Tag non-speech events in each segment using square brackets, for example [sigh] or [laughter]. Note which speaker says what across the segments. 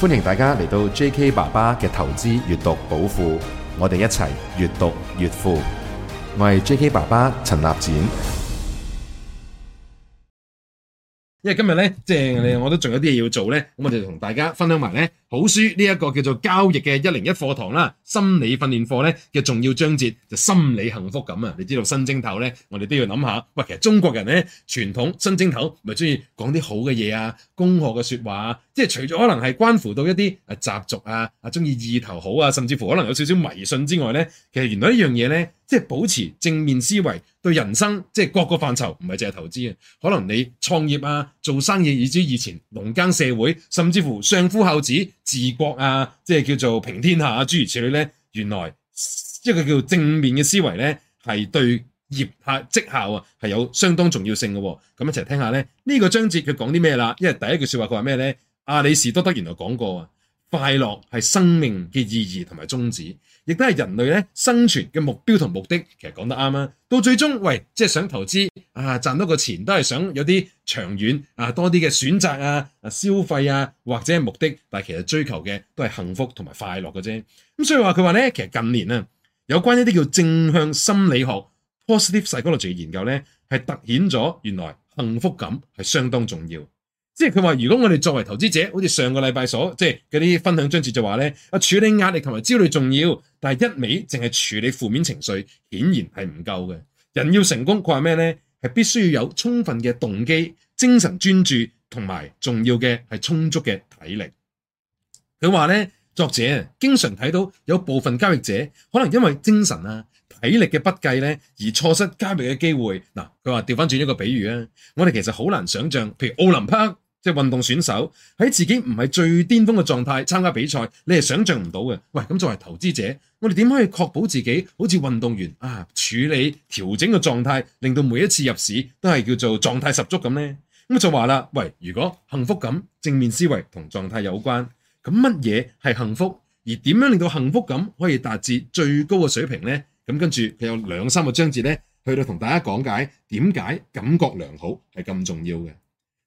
Speaker 1: 歡迎大家嚟到 J.K. 爸爸嘅投資閱讀寶庫，我哋一齊越讀越富。我係 J.K. 爸爸陳立展，因為今日呢，正，咧我都仲有啲嘢要做呢。我哋就同大家分享埋咧。好書呢一個叫做交易嘅一零一課堂啦，心理訓練課咧嘅重要章節就心理幸福感啊！你知道新正頭咧，我哋都要諗下，喂，其實中國人咧傳統新正頭咪中意講啲好嘅嘢啊，恭賀嘅説話啊，即係除咗可能係關乎到一啲啊習俗啊啊中意意頭好啊，甚至乎可能有少少迷信之外咧，其實原來一樣嘢咧，即係保持正面思維對人生即係各個範疇唔係淨係投資啊，可能你創業啊。做生意，以至以前農耕社會，甚至乎相夫孝子治國啊，即係叫做平天下啊，諸如此類咧。原來即係佢叫正面嘅思維咧，係對業績績效啊，係有相當重要性嘅、哦。咁一齊聽一下咧，呢、這個章節佢講啲咩啦？因為第一句説話佢話咩咧？亞、啊、里士多德原來講過啊。快樂係生命嘅意義同埋宗旨，亦都係人類咧生存嘅目標同目的。其實講得啱啦。到最終，喂，即係想投資啊，賺到個錢都係想有啲長遠啊，多啲嘅選擇啊、消費啊，或者係目的。但係其實追求嘅都係幸福同埋快樂嘅啫。咁所以話佢話咧，其實近年啊，有關一啲叫正向心理學 （positive psychology） 嘅研究咧，係凸顯咗原來幸福感係相當重要。即係佢話，如果我哋作為投資者，好似上個禮拜所即係嗰啲分享章節就話咧，啊處理壓力同埋焦慮重要，但係一味淨係處理負面情緒，顯然係唔夠嘅。人要成功，佢話咩咧？係必須要有充分嘅動機、精神專注同埋重要嘅係充足嘅體力。佢話咧，作者經常睇到有部分交易者可能因為精神啊、體力嘅不計咧，而錯失交易嘅機會。嗱，佢話掉返轉一個比喻啊，我哋其實好難想象，譬如奧林匹克。即係運動選手喺自己唔係最巔峰嘅狀態參加比賽，你係想象唔到嘅。喂，咁作為投資者，我哋點可以確保自己好似運動員啊處理調整嘅狀態，令到每一次入市都係叫做狀態十足咁呢？咁就話啦，喂，如果幸福感正面思維同狀態有關，咁乜嘢係幸福，而點樣令到幸福感可以達至最高嘅水平呢？咁跟住佢有兩三個章節呢，去到同大家講解點解感覺良好係咁重要嘅。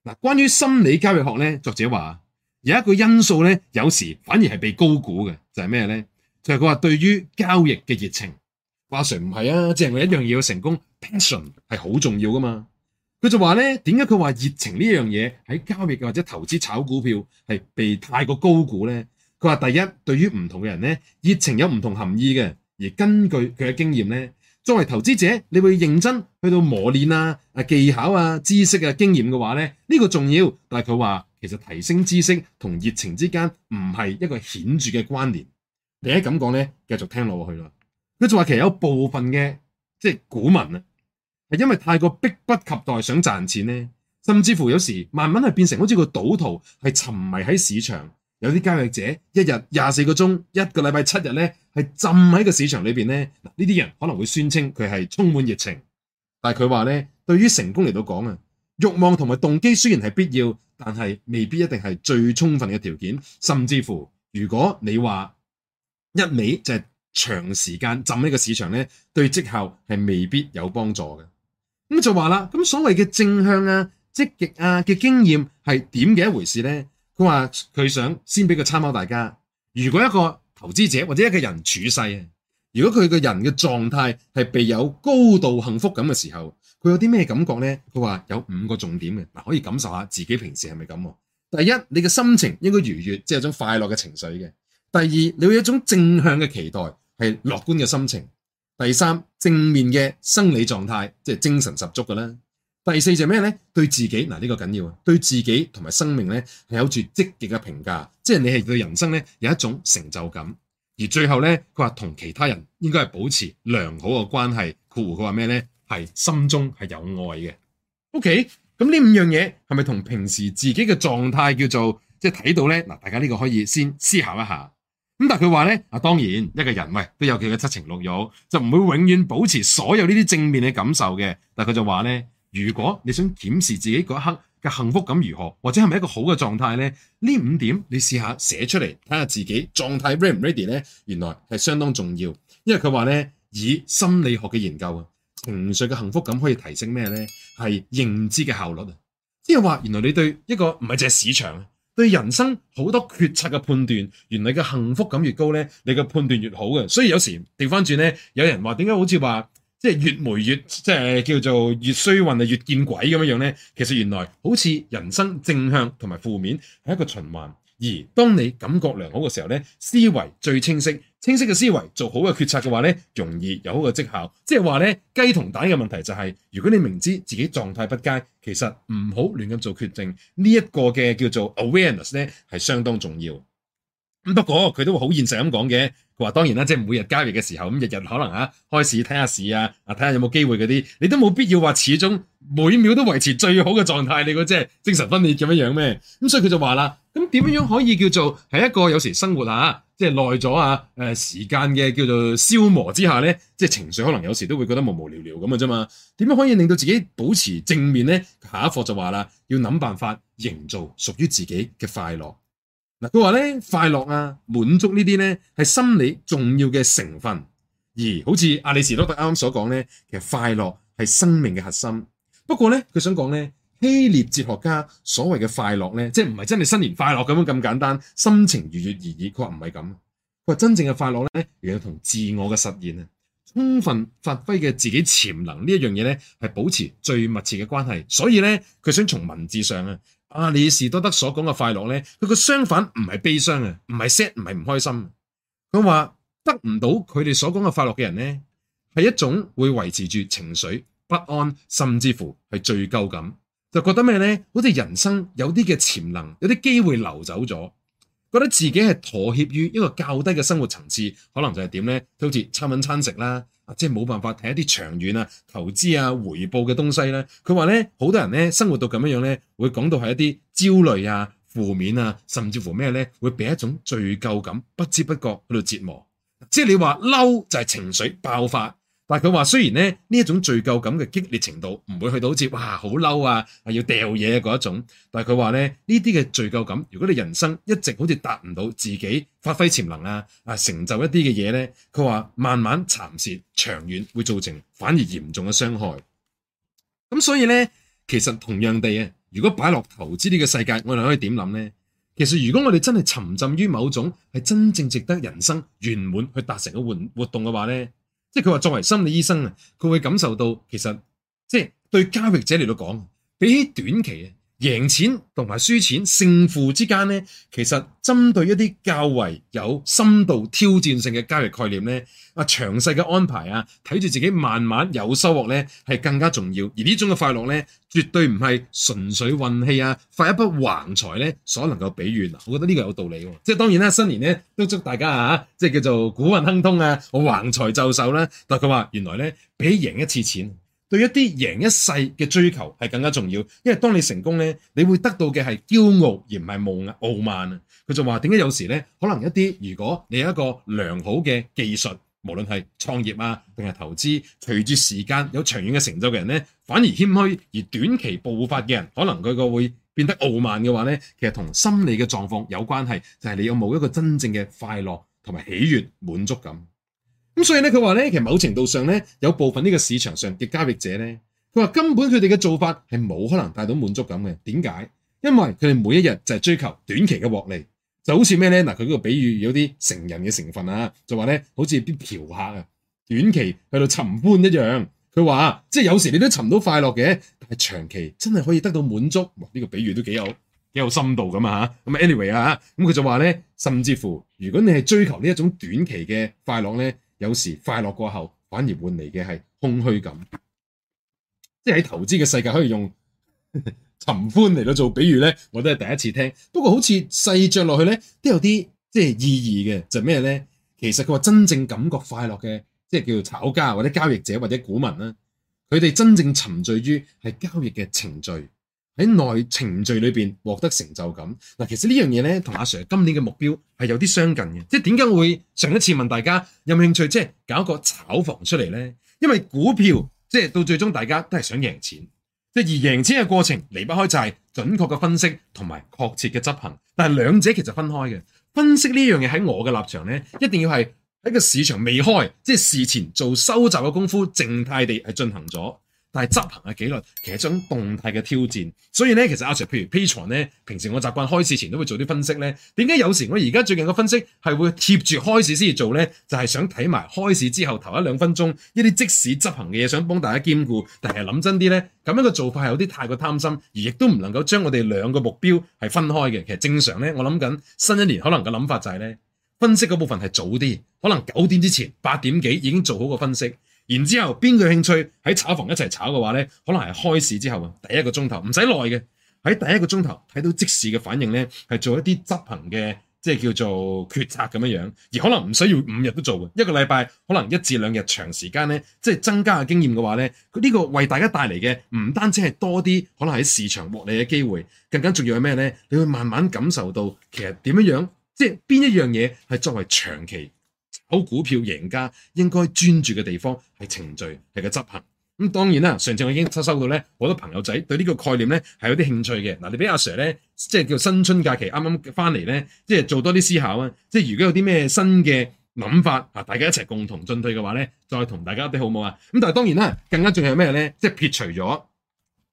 Speaker 1: 嗱，關於心理交易學咧，作者話有一個因素咧，有時反而係被高估嘅，就係咩咧？就係佢話對於交易嘅熱情，阿 Sir 唔係啊，即係我一樣嘢要成功，Passion 係好重要噶嘛。佢就話咧，點解佢話熱情呢樣嘢喺交易或者投資炒股票係被太過高估咧？佢話第一，對於唔同嘅人咧，熱情有唔同含義嘅，而根據佢嘅經驗咧。作為投資者，你會認真去到磨練啊、技巧啊、知識啊、經驗嘅話咧，呢、呢個重要。但係佢話其實提升知識同熱情之間唔係一個顯著嘅關聯。你一咁講咧，繼續聽落去啦。佢就話其實有部分嘅即係股民啊，係因為太過迫不及待想賺錢咧，甚至乎有時慢慢係變成好似個賭徒，係沉迷喺市場。有啲交易者一日廿四個鐘，一個禮拜七日咧，係浸喺個市場裏邊咧。呢啲人可能會宣稱佢係充滿熱情，但係佢話咧，對於成功嚟到講啊，慾望同埋動機雖然係必要，但係未必一定係最充分嘅條件，甚至乎，如果你話一味就係長時間浸喺呢個市場咧，對績效係未必有幫助嘅。咁就話啦，咁所謂嘅正向啊、積極啊嘅經驗係點嘅一回事咧？佢話佢想先俾個參考大家。如果一個投資者或者一個人處世啊，如果佢個人嘅狀態係備有高度幸福感嘅時候，佢有啲咩感覺呢？佢話有五個重點嘅，嗱可以感受下自己平時係咪咁。第一，你嘅心情應該愉悅，即係有種快樂嘅情緒嘅。第二，你要有一種正向嘅期待，係樂觀嘅心情。第三，正面嘅生理狀態，即係精神十足噶啦。第四就係咩咧？對自己，嗱，呢個緊要啊！對自己同埋生命咧，係有住積極嘅評價，即係你係對人生咧有一種成就感。而最後咧，佢話同其他人應該係保持良好嘅關係。括弧佢話咩咧？係心中係有愛嘅。O K，咁呢五樣嘢係咪同平時自己嘅狀態叫做即係睇到咧？嗱，大家呢個可以先思考一下。咁但係佢話咧，啊，當然一個人喂，都有佢嘅七情六慾，就唔會永遠保持所有呢啲正面嘅感受嘅。但係佢就話咧。如果你想檢視自己嗰一刻嘅幸福感如何，或者係咪一個好嘅狀態呢？呢五點你試下寫出嚟，睇下自己狀態 ready 唔 ready 呢，原來係相當重要，因為佢話呢，以心理學嘅研究啊，情緒嘅幸福感可以提升咩呢？係認知嘅效率啊，即係話原來你對一個唔係淨係市場，對人生好多決策嘅判斷，原來嘅幸福感越高呢，你嘅判斷越好嘅。所以有時調返轉呢，有人話點解好似話？即係越霉越即係叫做越衰運啊，越見鬼咁樣樣咧。其實原來好似人生正向同埋負面係一個循環。而當你感覺良好嘅時候咧，思維最清晰，清晰嘅思維做好嘅決策嘅話咧，容易有一個績效。即係話咧，雞同蛋嘅問題就係，如果你明知自己狀態不佳，其實唔好亂咁做決定，呢一個嘅叫做 awareness 咧，係相當重要。咁不過佢都好現實咁講嘅，佢話當然啦，即係每日交易嘅時候，咁日日可能啊開市睇下市啊，啊睇下有冇機會嗰啲，你都冇必要話始終每秒都維持最好嘅狀態，你個即係精神分裂咁樣樣咩？咁、啊、所以佢就話啦，咁點樣樣可以叫做係一個有時生活啊，即係耐咗啊，誒時間嘅叫做消磨之下咧，即係情緒可能有時都會覺得無無聊聊咁嘅啫嘛？點樣可以令到自己保持正面咧？下一課就話啦，要諗辦法營造屬於自己嘅快樂。嗱，佢話咧，快樂啊、滿足呢啲咧，係心理重要嘅成分，而好似阿里士多德啱啱所講咧，其實快樂係生命嘅核心。不過咧，佢想講咧，希臘哲學家所謂嘅快樂咧，即係唔係真係新年快樂咁樣咁簡單，心情愉悅而已。佢話唔係咁，佢話真正嘅快樂咧，原來同自我嘅實現啊，充分發揮嘅自己潛能呢一樣嘢咧，係保持最密切嘅關係。所以咧，佢想從文字上啊。阿、啊、里士多德所講嘅快樂呢，佢個相反唔係悲傷啊，唔係 sad，唔係唔開心。佢話得唔到佢哋所講嘅快樂嘅人呢，係一種會維持住情緒不安，甚至乎係罪疚感，就覺得咩呢，好似人生有啲嘅潛能，有啲機會流走咗。覺得自己係妥協於一個較低嘅生活層次，可能就係點呢？好似餐揾餐食啦，即係冇辦法睇一啲長遠啊、投資啊、回報嘅東西咧。佢話呢，好多人呢生活到咁樣樣呢，會講到係一啲焦慮啊、負面啊，甚至乎咩呢，會俾一種罪疚感，不知不覺喺度折磨。即係你話嬲就係情緒爆發。但佢話，雖然咧，呢一種罪疚感嘅激烈程度唔會去到好似哇，好嬲啊，係要掉嘢嗰一種。但係佢話咧，呢啲嘅罪疚感，如果你人生一直好似達唔到自己發揮潛能啊，啊成就一啲嘅嘢咧，佢話慢慢蠶蝕長遠會造成反而嚴重嘅傷害。咁所以咧，其實同樣地啊，如果擺落投資呢個世界，我哋可以點諗咧？其實如果我哋真係沉浸於某種係真正值得人生圓滿去達成嘅活活動嘅話咧。即係佢話作為心理醫生啊，佢會感受到其實即對交易者嚟到講，比起短期啊贏錢同埋輸錢，勝負之間呢，其實針對一啲較為有深度挑戰性嘅交易概念呢，啊詳細嘅安排啊，睇住自己慢慢有收穫呢係更加重要。而呢種嘅快樂呢，絕對唔係純粹運氣啊發一筆橫財呢所能夠比喻。我覺得呢個有道理。即係當然啦，新年呢都祝大家啊，即係叫做古運亨通啊，我橫財就手啦。但佢話原來呢，比贏一次錢，對一啲贏一世嘅追求係更加重要，因為當你成功呢，你會得到嘅係驕傲而唔係傲慢啊！佢就話：點解有時呢，可能一啲如果你有一個良好嘅技術，無論係創業啊定係投資，隨住時間有長遠嘅成就嘅人呢，反而謙虛；而短期暴發嘅人，可能佢個會變得傲慢嘅話呢，其實同心理嘅狀況有關係，就係你有冇一個真正嘅快樂同埋喜悅滿足感。咁所以咧，佢話咧，其實某程度上咧，有部分呢個市場上嘅交易者咧，佢話根本佢哋嘅做法係冇可能帶到滿足感嘅。點解？因為佢哋每一日就係追求短期嘅獲利，就好似咩咧？嗱，佢嗰個比喻有啲成人嘅成分啊，就話咧，好似啲嫖客啊，短期去到尋歡一樣。佢話即係有時你都尋到快樂嘅，但係長期真係可以得到滿足。哇！呢、呢個比喻都幾有幾有深度咁啊！吓、啊、咁，anyway 啊，咁佢就話咧，甚至乎如果你係追求呢一種短期嘅快樂咧。有時快樂過後反而換嚟，嘅係空虛感，即係喺投資嘅世界可以用尋 [laughs] 歡嚟到做比喻咧，我都係第一次聽。不過好似細着落去咧，都有啲即係意義嘅。就係咩咧？其實佢話真正感覺快樂嘅，即係叫做炒家或者交易者或者股民啦，佢哋真正沉醉於係交易嘅程序。喺內程序裏面獲得成就感。其實呢樣嘢咧同阿 Sir 今年嘅目標係有啲相近嘅，即係點解會上一次問大家有冇興趣即搞一個炒房出嚟呢？因為股票即到最終大家都係想贏錢，即而贏錢嘅過程離不開就係準確嘅分析同埋確切嘅執行，但係兩者其實分開嘅。分析呢樣嘢喺我嘅立場咧，一定要係喺個市場未開，即事前做收集嘅功夫，靜態地係進行咗。但係執行嘅紀律其實一種動態嘅挑戰，所以咧其實阿 Sir，譬如 P Chart 呢，平時我習慣開始前都會做啲分析呢，點解有時我而家最近嘅分析係會貼住開市先至做呢？就係、是、想睇埋開市之後頭一兩分鐘一啲即時執行嘅嘢，想幫大家兼顧。但係諗真啲呢，咁樣嘅做法係有啲太過貪心，而亦都唔能夠將我哋兩個目標係分開嘅。其實正常呢，我諗緊新一年可能嘅諗法就係、是、呢：分析嗰部分係早啲，可能九點之前八點幾已經做好個分析。然之後邊個興趣喺炒房一齊炒嘅話呢，可能係開市之後啊，第一個鐘頭唔使耐嘅，喺第一個鐘頭睇到即時嘅反應呢係做一啲執行嘅，即係叫做決策咁樣樣，而可能唔需要五日都做，一個禮拜可能一至兩日長時間呢，即係增加嘅經驗嘅話呢呢、呢個為大家帶嚟嘅唔單止係多啲可能喺市場獲利嘅機會，更加重要係咩呢？你會慢慢感受到其實點樣樣，即係邊一樣嘢係作為長期。好股票贏家應該專注嘅地方係程序，係個執行。咁當然啦，上次我已經收收到咧好多朋友仔對呢個概念咧係有啲興趣嘅嗱，你俾阿 Sir 咧即係叫新春假期啱啱翻嚟咧，即係做多啲思考啊！即係如果有啲咩新嘅諗法嚇，大家一齊共同進退嘅話咧，再同大家啲好唔好啊！咁但係當然啦，更加仲要係咩咧？即係撇除咗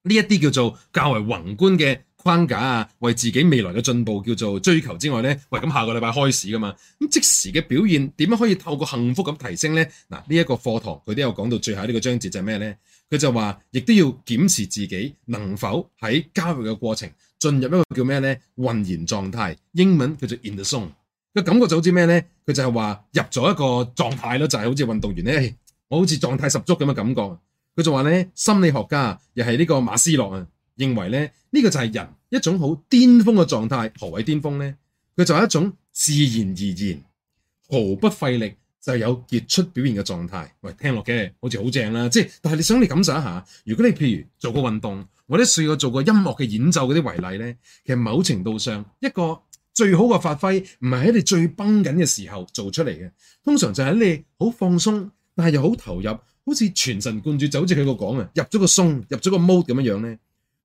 Speaker 1: 呢一啲叫做較為宏觀嘅框架啊，為自己未來嘅進步叫做追求之外咧，喂咁下個禮拜開始噶嘛，咁即時嘅表現點樣可以透過幸福感提升咧？嗱、這個，呢一個課堂佢都有講到最後呢個章節就係咩咧？佢就話亦都要檢視自己能否喺交易嘅過程進入一個叫咩咧？渾然狀態，英文叫做 in the zone、這個、感覺就好似咩咧？佢就係話入咗一個狀態咯，就係、是、好似運動員咧、哎，我好似狀態十足咁嘅感覺。佢就話咧，心理學家又係呢個馬斯洛啊。認為咧，呢個就係人一種好巔峰嘅狀態。何為巔峰呢？佢就係一種自然而然、毫不費力就有傑出表現嘅狀態。喂，聽落嘅好似好正啦！即係，但係你想你感受一下，如果你譬如做過運動，或者試過做過音樂嘅演奏嗰啲為例呢，其實某程度上一個最好嘅發揮唔係喺你最繃緊嘅時候做出嚟嘅，通常就係你好放鬆但係又好投入，好似全神貫注，就好似佢個講啊，入咗個鬆，入咗個 mode 咁樣樣咧。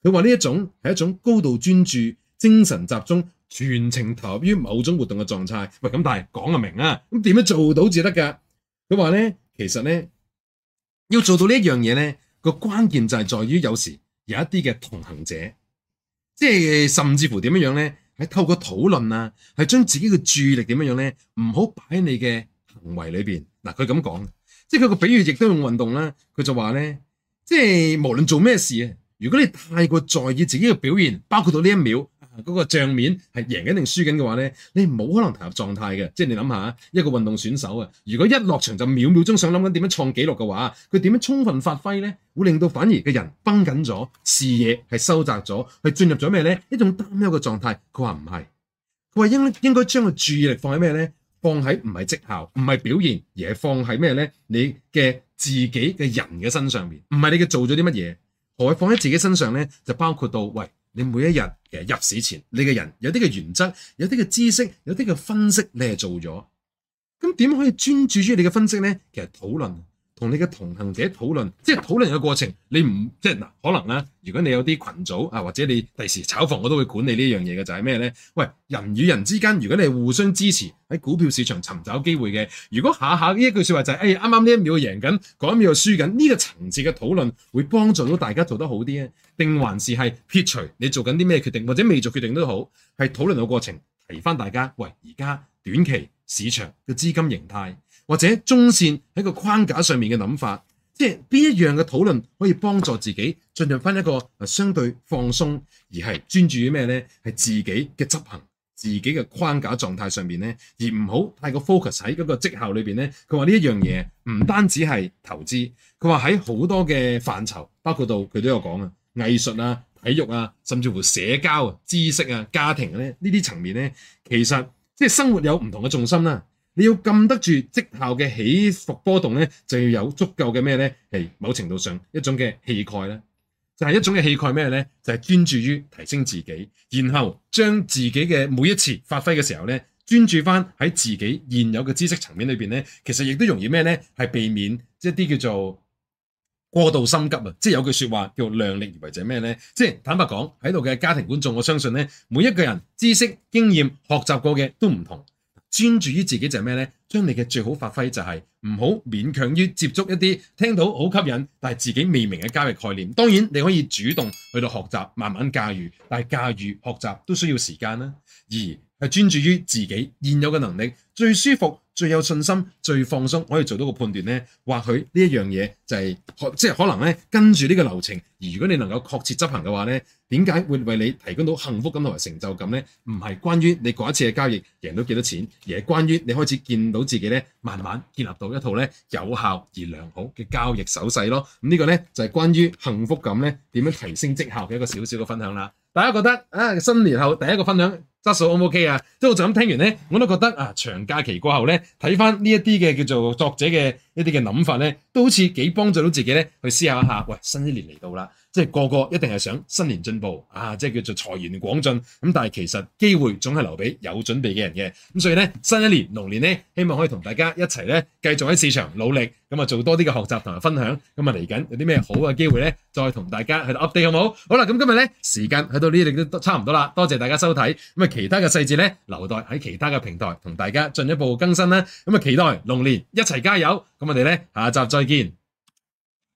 Speaker 1: 佢話呢一種係一種高度專注、精神集中、全程投入於某種活動嘅狀態。喂，咁但係講就明啊，咁點樣做到至得噶？佢話咧，其實咧要做到呢一樣嘢咧，個關鍵就係在於有時有一啲嘅同行者，即係甚至乎點樣樣咧，係透過討論啊，係將自己嘅注意力點樣樣咧，唔好擺喺你嘅行為裏邊。嗱、啊，佢咁講，即係佢個比喻亦都用運動啦。佢就話咧，即係無論做咩事啊。如果你太過在意自己嘅表現，包括到呢一秒嗰個帳面係贏緊定輸緊嘅話咧，你冇可能投入狀態嘅。即係你諗下，一個運動選手啊，如果一落場就秒秒鐘想諗緊點樣創紀錄嘅話，佢點樣充分發揮咧？會令到反而嘅人繃緊咗，視野係收窄咗，係進入咗咩咧？一種擔憂嘅狀態。佢話唔係，佢話應應該將個注意力放喺咩咧？放喺唔係績效、唔係表現，而係放喺咩咧？你嘅自己嘅人嘅身上面，唔係你嘅做咗啲乜嘢。何謂放喺自己身上呢？就包括到，喂，你每一日其實入市前，你嘅人有啲嘅原則，有啲嘅知識，有啲嘅分析，你係做咗。咁點可以專注於你嘅分析呢？其實討論。同你嘅同行者討論，即係討論嘅過程，你唔即係嗱，可能啦。如果你有啲群組啊，或者你第時炒房，我都會管理呢樣嘢嘅，就係咩呢？喂，人與人之間，如果你係互相支持喺股票市場尋找機會嘅，如果下下呢一句説話就係，哎，啱啱呢一秒贏緊，嗰一秒又輸緊，呢個層次嘅討論會幫助到大家做得好啲啊？定還是係撇除你做緊啲咩決定，或者未做決定都好，係討論個過程，提翻大家，喂，而家短期市場嘅資金形態。或者中線喺個框架上面嘅諗法，即係邊一樣嘅討論可以幫助自己進入翻一個相對放鬆，而係專注於咩呢？係自己嘅執行，自己嘅框架狀態上面呢，而唔好太過 focus 喺嗰個績效裏邊呢。佢話呢一樣嘢唔單止係投資，佢話喺好多嘅範疇，包括到佢都有講啊，藝術啊、體育啊，甚至乎社交啊、知識啊、家庭咧呢啲層面呢，其實即係生活有唔同嘅重心啦、啊。你要禁得住績效嘅起伏波動咧，就要有足夠嘅咩咧？係某程度上一種嘅氣概咧，就係一種嘅氣概咩咧？就係專注於提升自己，然後將自己嘅每一次發揮嘅時候咧，專注翻喺自己現有嘅知識層面裏邊咧，其實亦都容易咩咧？係避免一啲叫做過度心急啊！即係有句說話叫量力而為，就係咩咧？即係坦白講喺度嘅家庭觀眾，我相信咧，每一個人知識經驗學習過嘅都唔同。專注於自己就係咩呢？將你嘅最好發揮就係唔好勉強於接觸一啲聽到好吸引但係自己未明嘅交易概念。當然你可以主動去到學習，慢慢駕馭，但係駕馭、學習都需要時間啦。而係專注於自己現有嘅能力，最舒服、最有信心、最放鬆，可以做到嘅判斷，就是、呢，或許呢一樣嘢就係，即係可能咧跟住呢個流程。而如果你能夠確切執行嘅話呢，點解會為你提供到幸福感同埋成就感呢？唔係關於你嗰一次嘅交易贏到幾多錢，而係關於你開始見到自己呢，慢慢建立到一套呢有效而良好嘅交易手勢咯。咁、嗯、呢、這個呢，就係、是、關於幸福感呢點樣提升績效嘅一個小小嘅分享啦。大家覺得啊，新年後第一個分享。質素 OK 唔 OK 啊？即係我就咁聽完咧，我都覺得啊，長假期過後咧，睇翻呢一啲嘅叫做作者嘅一啲嘅諗法咧，都好似幾幫助到自己咧，去思考一下。喂，新一年嚟到啦，即係個個一定係想新年進步啊，即係叫做財源廣進。咁但係其實機會總係留俾有準備嘅人嘅。咁所以咧，新一年龍年咧，希望可以同大家一齊咧，繼續喺市場努力，咁啊做多啲嘅學習同埋分享。咁啊嚟緊有啲咩好嘅機會咧，再同大家喺度 update 好唔好？好啦，咁今日咧時間喺度呢，都差唔多啦。多謝大家收睇咁啊！其他嘅細節呢，留待喺其他嘅平台同大家進一步更新啦。咁就期待龍年一齊加油。咁我哋呢，下集再見。